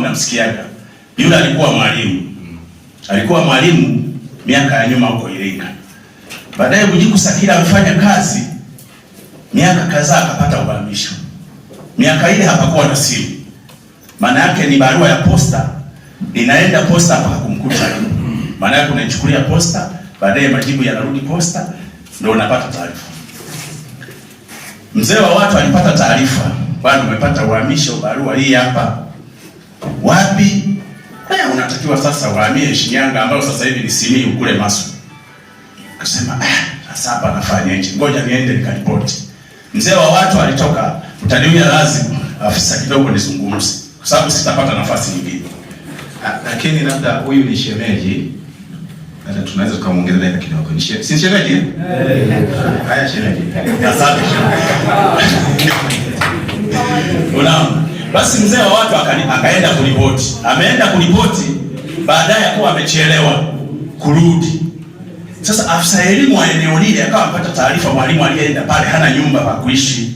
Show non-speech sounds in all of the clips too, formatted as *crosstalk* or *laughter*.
mnamsikiaga, yule alikuwa mwalimu, alikuwa mwalimu miaka ya nyuma huko Iringa. Baadaye Bujiku Sakila amefanya kazi miaka kadhaa, akapata uhamisho. Miaka ile hapakuwa na simu, maana yake ni barua ya posta inaenda posta mpaka kumkuta, yule. maana yake unaichukulia posta, baadaye majibu yanarudi posta, ndio unapata taarifa. Mzee wa watu alipata taarifa, bwana, umepata uhamisho, barua hii hapa wapi? Eh, unatakiwa sasa uhamie Shinyanga, ambayo sasa hivi ni Simiyu kule Masu. Akasema eh, ah, sasa hapa nafanyaje? Ngoja niende nikaripoti. Mzee wa watu alitoka, utaniwia lazima afisa kidogo nizungumze, kwa sababu sitapata nafasi nyingine, ah, lakini labda huyu ni shemeji hata tunaweza tukamwongeza dakika kidogo. Ni shemeji? Si shemeji? Eh? Eh. Haya shemeji. Asante. *laughs* Unaona? Basi mzee wa watu akaenda kuripoti, ameenda kuripoti baadaye kuwa amechelewa kurudi. Sasa afisa elimu wa eneo lile akawa amepata taarifa mwalimu aliyeenda pale hana nyumba pa kuishi,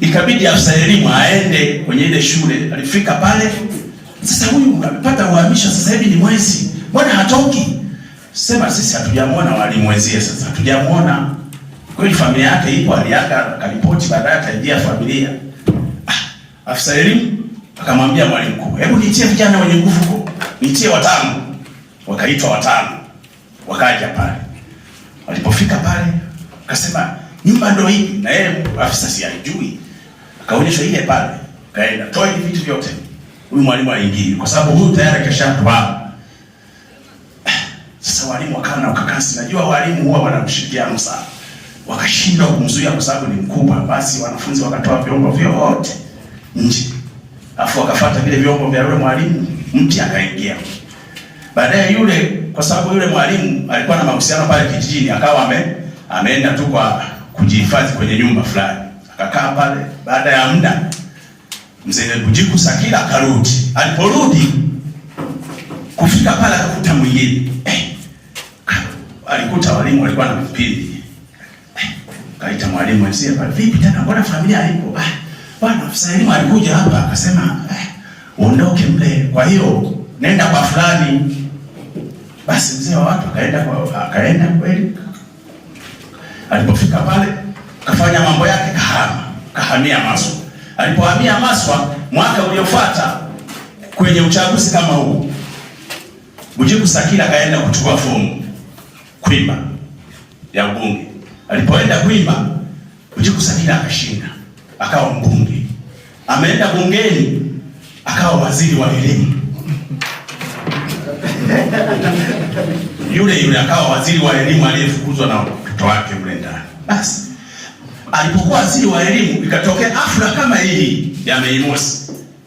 ikabidi afisa elimu aende kwenye ile shule. Alifika pale sasa, huyu amepata uhamisho sasa hivi ni mwezi, mbona hatoki? Sema sisi hatujamwona walimu wenzie, sasa hatujamwona kweli, familia yake ipo aliaga, akaripoti baadaye ataingia familia Afisa elimu akamwambia mwalimu mkuu, hebu nitie vijana wenye nguvu huko, nitie watano. Wakaitwa watano, wakaja pale. Walipofika pale, akasema nyumba ndio hii, na yeye afisa si alijui, akaonyeshwa ile pale, kaenda toa hivi vitu vyote, huyu mwalimu aingie, kwa sababu huyu tayari kashatwa. Sasa walimu wakawa na ukakasi, najua walimu huwa wanamshirikiano sana, wakashindwa kumzuia kwa sababu ni mkubwa. Basi wanafunzi wakatoa vyombo vyote nje, afu akafuata vile vyombo vya yule mwalimu mti akaingia. Baadaye yule, kwa sababu yule mwalimu alikuwa na mahusiano pale kijijini, akawa ame, ameenda tu kwa kujihifadhi kwenye nyumba fulani, akakaa pale. Baada ya muda mzee Bujiku Sakila akarudi. Aliporudi kufika pale akakuta mwingine eh, alikuta walimu walikuwa na mpindi eh, kaita mwalimu msie pale, vipi tena, mbona familia haipo? ah Bwana afisa elimu alikuja hapa akasema, eh, uondoke mle, kwa hiyo nenda kwa fulani. Basi mzee wa watu akaenda kwa akaenda kweli. Alipofika pale kafanya mambo yake, kahama kahamia Maswa. Alipohamia Maswa mwaka uliofuata kwenye uchaguzi kama huu, Mujibu Sakila akaenda kuchukua fomu Kwimba ya ubunge. Alipoenda Kwimba, Mujibu Sakila akashinda, akawa mbunge ameenda bungeni akawa waziri wa elimu yule yule akawa waziri wa elimu aliyefukuzwa na mtoto wake mle ndani. Basi alipokuwa waziri wa elimu, ikatokea afra kama hii ya Mei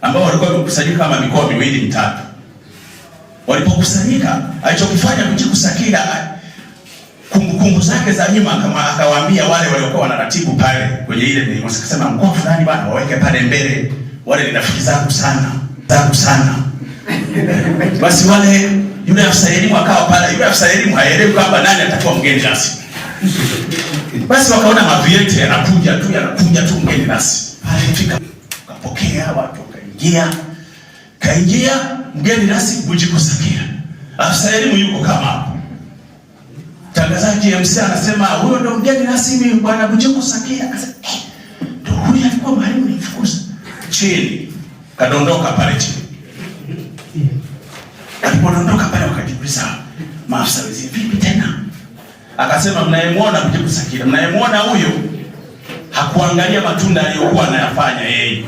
ambao walikuwa wamekusanyika kama mikoa miwili mitatu. Walipokusanyika, alichokifanya kujikusakila kumbukumbu zake za nyuma, kama akawaambia wale waliokuwa wanaratibu pale kwenye ile milima, sikasema mkoa fulani bana waweke pale mbele, wale ni rafiki zangu sana zangu sana. *laughs* Basi wale yule afisa elimu akawa pale, yule afisa elimu haelewi kwamba nani atakuwa mgeni rasmi. *laughs* Basi wakaona mavieti yanakuja tu yanakuja tu mgeni rasmi pale, fika kapokea watu kaingia kaingia mgeni rasmi bujiko sakia, afisa elimu yuko kama hapo mtangazaji MC anasema huyo ndo mgeni rasmi bwana Bujuku Sakia. Akasema eh, ndo huyo alikuwa mwalimu nifukuza chini, kadondoka pale chini. Alipodondoka pale wakajiuliza maafisa wenzake, vipi tena? Akasema mnayemwona Bujuku Sakia, mnayemwona huyo hakuangalia matunda aliyokuwa anayafanya yeye.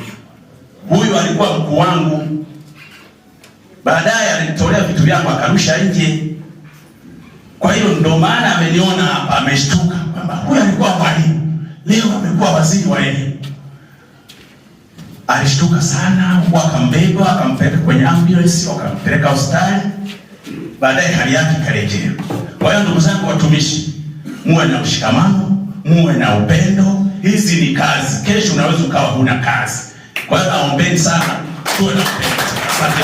Huyu alikuwa mkuu wangu, baadaye alinitolea vitu vyangu akarusha nje ndo maana ameniona hapa, ameshtuka kwamba huyu alikuwa mwalimu, leo amekuwa waziri wa elimu. Alishtuka sana, wakambeba akampeleka kwenye ambulance, wakampeleka hospitali, baadaye hali yake ikarejea. Kwa hiyo ndugu zangu watumishi, muwe na mshikamano, muwe na upendo. Hizi ni kazi, kesho unaweza ukawa huna kazi. Kwa hiyo naombeni sana, tuwe na upendo. Asante.